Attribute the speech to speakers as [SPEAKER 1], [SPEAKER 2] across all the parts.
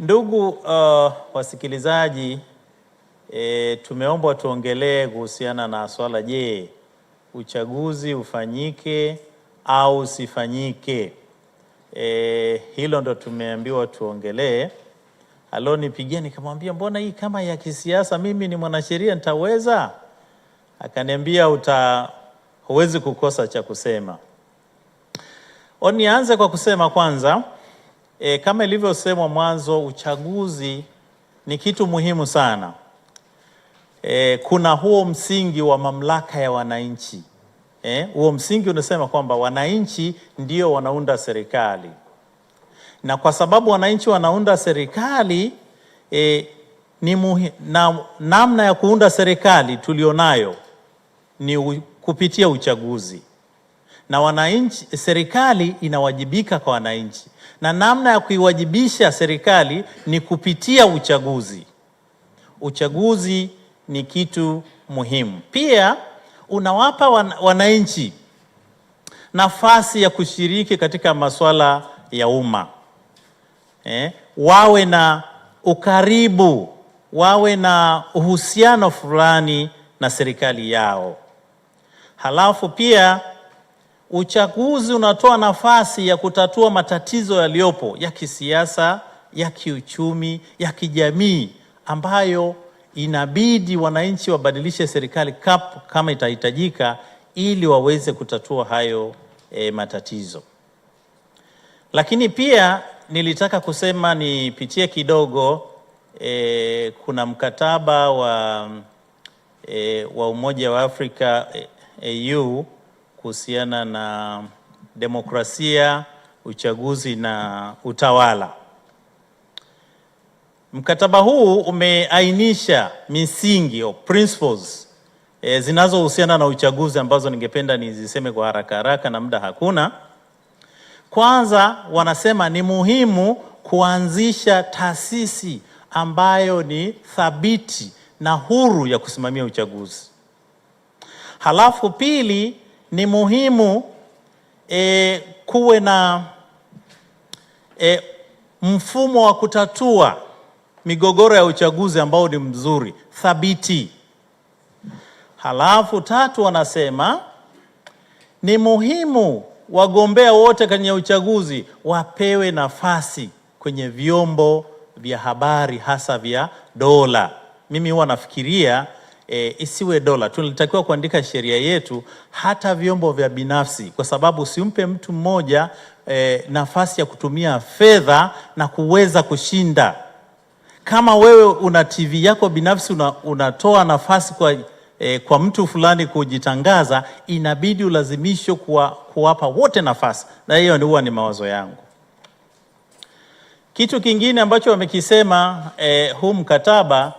[SPEAKER 1] Ndugu uh, wasikilizaji e, tumeombwa tuongelee kuhusiana na swala, je, uchaguzi ufanyike au usifanyike? E, hilo ndo tumeambiwa tuongelee. Alonipigia nikamwambia, mbona hii kama ya kisiasa, mimi ni mwanasheria nitaweza? Akaniambia uta huwezi kukosa cha kusema. Nianze kwa kusema kwanza E, kama ilivyosemwa mwanzo, uchaguzi ni kitu muhimu sana. E, kuna huo msingi wa mamlaka ya wananchi. E, huo msingi unasema kwamba wananchi ndio wanaunda serikali, na kwa sababu wananchi wanaunda serikali e, ni muhi, na, namna ya kuunda serikali tulionayo ni u, kupitia uchaguzi na wananchi, serikali inawajibika kwa wananchi na namna ya kuiwajibisha serikali ni kupitia uchaguzi. Uchaguzi ni kitu muhimu. Pia unawapa wananchi nafasi ya kushiriki katika masuala ya umma eh, wawe na ukaribu, wawe na uhusiano fulani na serikali yao. Halafu pia Uchaguzi unatoa nafasi ya kutatua matatizo yaliyopo ya kisiasa, ya kiuchumi, ya kijamii ambayo inabidi wananchi wabadilishe serikali kap, kama itahitajika ili waweze kutatua hayo e, matatizo. Lakini pia nilitaka kusema nipitie kidogo e, kuna mkataba wa, e, wa Umoja wa Afrika e, AU kuhusiana na demokrasia, uchaguzi na utawala. Mkataba huu umeainisha misingi au principles e, zinazohusiana na uchaguzi ambazo ningependa niziseme kwa haraka haraka na muda hakuna. Kwanza wanasema ni muhimu kuanzisha taasisi ambayo ni thabiti na huru ya kusimamia uchaguzi. Halafu pili ni muhimu e, kuwe na e, mfumo wa kutatua migogoro ya uchaguzi ambao ni mzuri thabiti. Halafu tatu, wanasema ni muhimu wagombea wote kwenye uchaguzi wapewe nafasi kwenye vyombo vya habari hasa vya dola. Mimi huwa nafikiria e, isiwe dola. Tunatakiwa kuandika sheria yetu hata vyombo vya binafsi, kwa sababu usimpe mtu mmoja e, nafasi ya kutumia fedha na kuweza kushinda. Kama wewe una TV yako binafsi una, unatoa nafasi kwa E, kwa mtu fulani kujitangaza inabidi ulazimisho kuwa, kuwapa wote nafasi, na hiyo huwa ni mawazo yangu. Kitu kingine ambacho wamekisema eh, huu mkataba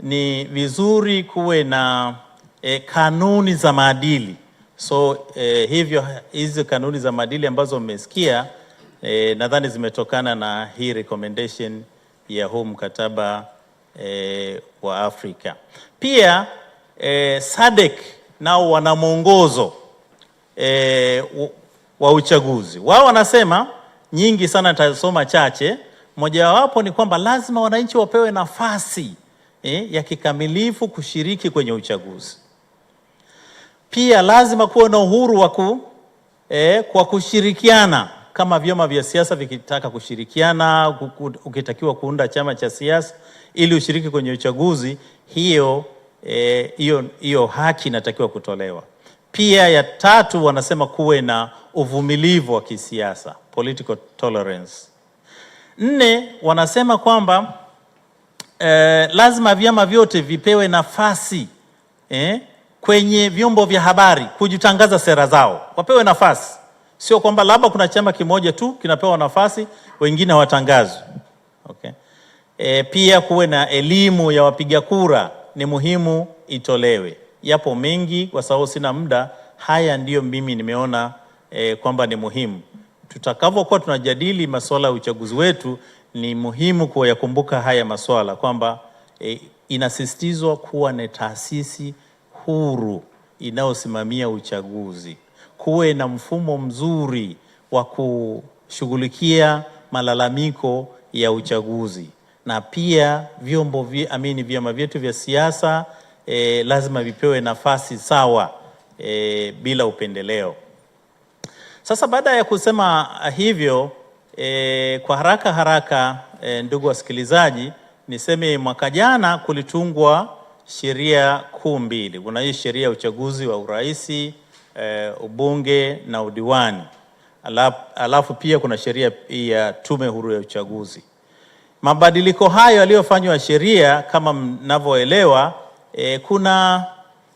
[SPEAKER 1] ni vizuri kuwe na e, kanuni za maadili. So e, hivyo hizi kanuni za maadili ambazo mmesikia e, nadhani zimetokana na hii recommendation ya huu mkataba e, wa Afrika. Pia e, SADC nao wana mwongozo e, wa uchaguzi wao, wanasema nyingi sana, nitasoma chache. Mojawapo ni kwamba lazima wananchi wapewe nafasi eh, ya kikamilifu kushiriki kwenye uchaguzi. Pia lazima kuwe na uhuru wa ku, eh, kwa kushirikiana kama vyama vya siasa vikitaka kushirikiana, ukitakiwa kuunda chama cha siasa ili ushiriki kwenye uchaguzi, hiyo eh, hiyo hiyo haki inatakiwa kutolewa. Pia ya tatu, wanasema kuwe na uvumilivu wa kisiasa, political tolerance. Nne, wanasema kwamba eh, lazima vyama vyote vipewe nafasi eh, kwenye vyombo vya habari kujitangaza sera zao, wapewe nafasi, sio kwamba labda kuna chama kimoja tu kinapewa nafasi, wengine hawatangazwi. Okay. Eh, pia kuwe na elimu ya wapiga kura ni muhimu itolewe. Yapo mengi kwa sababu sina muda, haya ndiyo mimi nimeona eh, kwamba ni muhimu tutakavyokuwa tunajadili masuala ya uchaguzi wetu ni muhimu kuyakumbuka haya maswala kwamba e, inasisitizwa kuwa ni taasisi huru inayosimamia uchaguzi, kuwe na mfumo mzuri wa kushughulikia malalamiko ya uchaguzi, na pia vyombo vi, amini vyama vyetu vya siasa e, lazima vipewe nafasi sawa e, bila upendeleo. Sasa baada ya kusema hivyo E, kwa haraka haraka e, ndugu wasikilizaji, niseme mwaka jana kulitungwa sheria kuu mbili. Kuna hii sheria ya uchaguzi wa urais e, ubunge na udiwani, alafu, alafu pia kuna sheria ya tume huru ya uchaguzi. Mabadiliko hayo yaliyofanywa sheria kama mnavyoelewa, e, kuna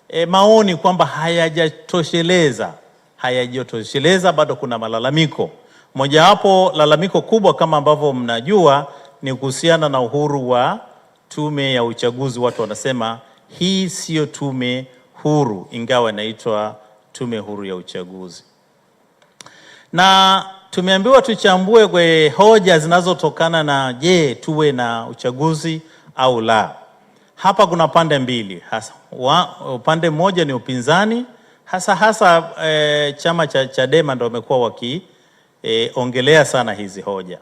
[SPEAKER 1] e, maoni kwamba hayajatosheleza, hayajatosheleza, bado kuna malalamiko Mojawapo lalamiko kubwa kama ambavyo mnajua ni kuhusiana na uhuru wa tume ya uchaguzi. Watu wanasema hii siyo tume huru, ingawa inaitwa tume huru ya uchaguzi, na tumeambiwa tuchambue kwa hoja zinazotokana na je, tuwe na uchaguzi au la. Hapa kuna pande mbili hasa wa, upande mmoja ni upinzani hasa hasa e, chama cha Chadema ndio wamekuwa waki e, ongelea sana hizi hoja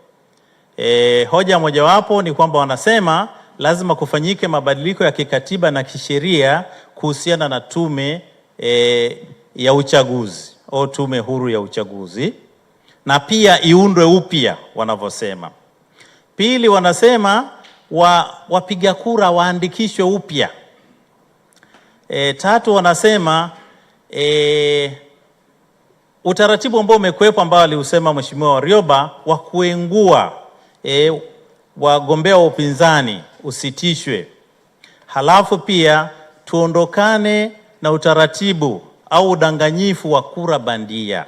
[SPEAKER 1] e, hoja mojawapo ni kwamba wanasema lazima kufanyike mabadiliko ya kikatiba na kisheria kuhusiana na tume e, ya uchaguzi au tume huru ya uchaguzi na pia iundwe upya wanavyosema. Pili, wanasema wa, wapiga kura waandikishwe upya. E, tatu wanasema e, utaratibu ambao umekuwepo ambao aliusema Mheshimiwa Warioba wa kuengua e, wagombea wa upinzani usitishwe. Halafu pia tuondokane na utaratibu au udanganyifu wa kura bandia.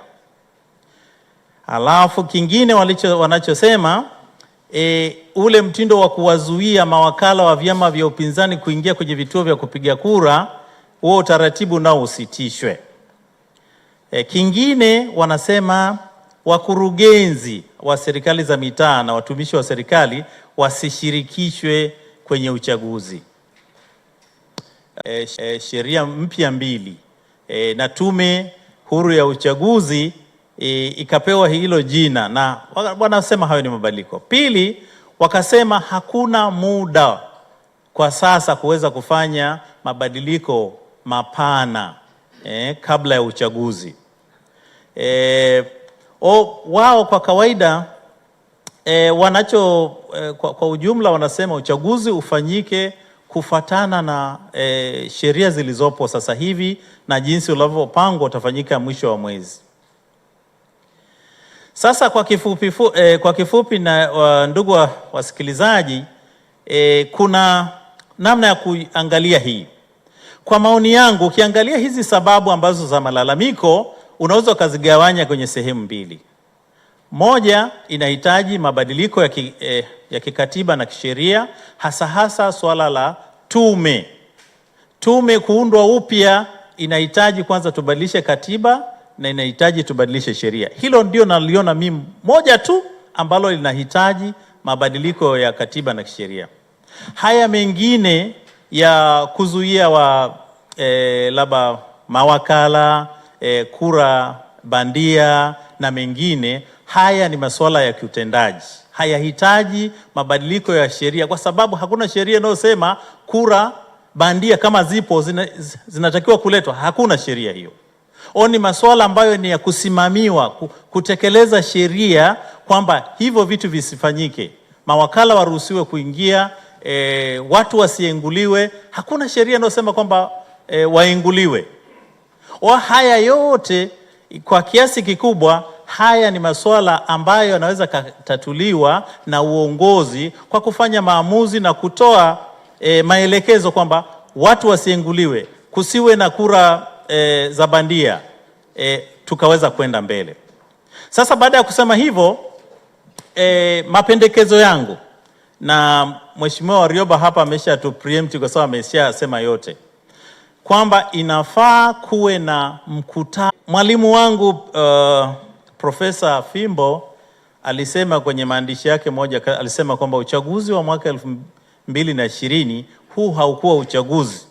[SPEAKER 1] Halafu kingine walicho, wanachosema e, ule mtindo wa kuwazuia mawakala wa vyama vya upinzani kuingia kwenye vituo vya kupiga kura, huo utaratibu nao usitishwe. E, kingine wanasema wakurugenzi wa serikali za mitaa na watumishi wa serikali wasishirikishwe kwenye uchaguzi. E, e, sheria mpya mbili e, na tume huru ya uchaguzi e, ikapewa hilo jina na wanasema hayo ni mabadiliko. Pili, wakasema hakuna muda kwa sasa kuweza kufanya mabadiliko mapana e, kabla ya uchaguzi e, o, wao kwa kawaida e, wanacho e, kwa, kwa ujumla wanasema uchaguzi ufanyike kufatana na e, sheria zilizopo sasa hivi na jinsi ulivyopangwa utafanyika mwisho wa mwezi. Sasa kwa kifupi, e, kwa kifupi na wa, ndugu wa, wasikilizaji e, kuna namna ya kuangalia hii. Kwa maoni yangu, ukiangalia hizi sababu ambazo za malalamiko unaweza ukazigawanya kwenye sehemu mbili. Moja inahitaji mabadiliko ya, ki, eh, ya kikatiba na kisheria, hasa hasa swala la tume. Tume kuundwa upya inahitaji kwanza tubadilishe katiba na inahitaji tubadilishe sheria. Hilo ndio naliona mimi moja tu ambalo linahitaji mabadiliko ya katiba na kisheria. Haya mengine ya kuzuia wa eh, labda mawakala eh, kura bandia na mengine. Haya ni masuala ya kiutendaji, hayahitaji mabadiliko ya sheria, kwa sababu hakuna sheria inayosema kura bandia kama zipo zina, zinatakiwa kuletwa. Hakuna sheria hiyo o, ni masuala ambayo ni ya kusimamiwa, kutekeleza sheria kwamba hivyo vitu visifanyike, mawakala waruhusiwe kuingia e, watu wasienguliwe. Hakuna sheria inayosema kwamba e, waenguliwe wa haya yote kwa kiasi kikubwa haya ni masuala ambayo yanaweza katatuliwa na uongozi kwa kufanya maamuzi na kutoa e, maelekezo kwamba watu wasienguliwe, kusiwe na kura e, za bandia e, tukaweza kwenda mbele. Sasa baada ya kusema hivyo e, mapendekezo yangu na Mheshimiwa Warioba hapa amesha tu preempt kwa sababu ameshasema yote kwamba inafaa kuwe na mkutano. Mwalimu wangu uh, Profesa Fimbo alisema kwenye maandishi yake moja, alisema kwamba uchaguzi wa mwaka elfu mbili na ishirini huu haukuwa uchaguzi.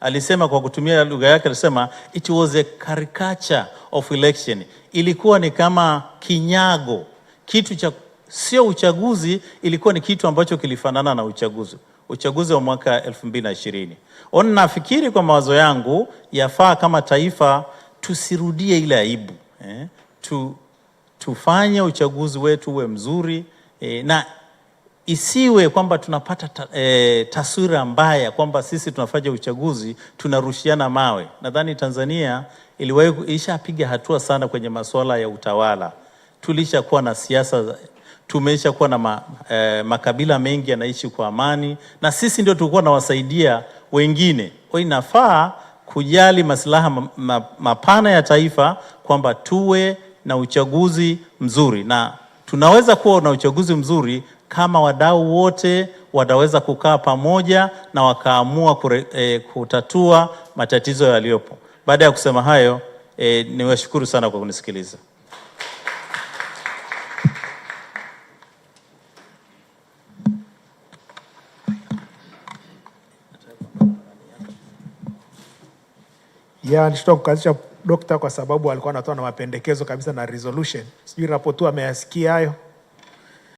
[SPEAKER 1] Alisema kwa kutumia lugha yake, alisema it was a caricature of election, ilikuwa ni kama kinyago, kitu cha sio uchaguzi, ilikuwa ni kitu ambacho kilifanana na uchaguzi uchaguzi wa mwaka 2020. Ona, nafikiri kwa mawazo yangu yafaa kama taifa tusirudie ile aibu eh, tu, tufanye uchaguzi wetu uwe mzuri eh, na isiwe kwamba tunapata ta, eh, taswira mbaya kwamba sisi tunafanya uchaguzi tunarushiana mawe. Nadhani Tanzania iliwahi ishapiga hatua sana kwenye masuala ya utawala, tulishakuwa na siasa tumesha kuwa na ma, eh, makabila mengi yanaishi kwa amani, na sisi ndio tulikuwa nawasaidia wengine. Kwa hiyo inafaa kujali maslaha mapana ya taifa kwamba tuwe na uchaguzi mzuri, na tunaweza kuwa na uchaguzi mzuri kama wadau wote wataweza kukaa pamoja na wakaamua kure, eh, kutatua matatizo yaliyopo. Baada ya kusema hayo, eh, niwashukuru sana kwa kunisikiliza.
[SPEAKER 2] Jawa nishtuka kukatisha dokta, kwa sababu alikuwa anatoa na mapendekezo kabisa na resolution. Sijui rapotu ameyasikia hayo.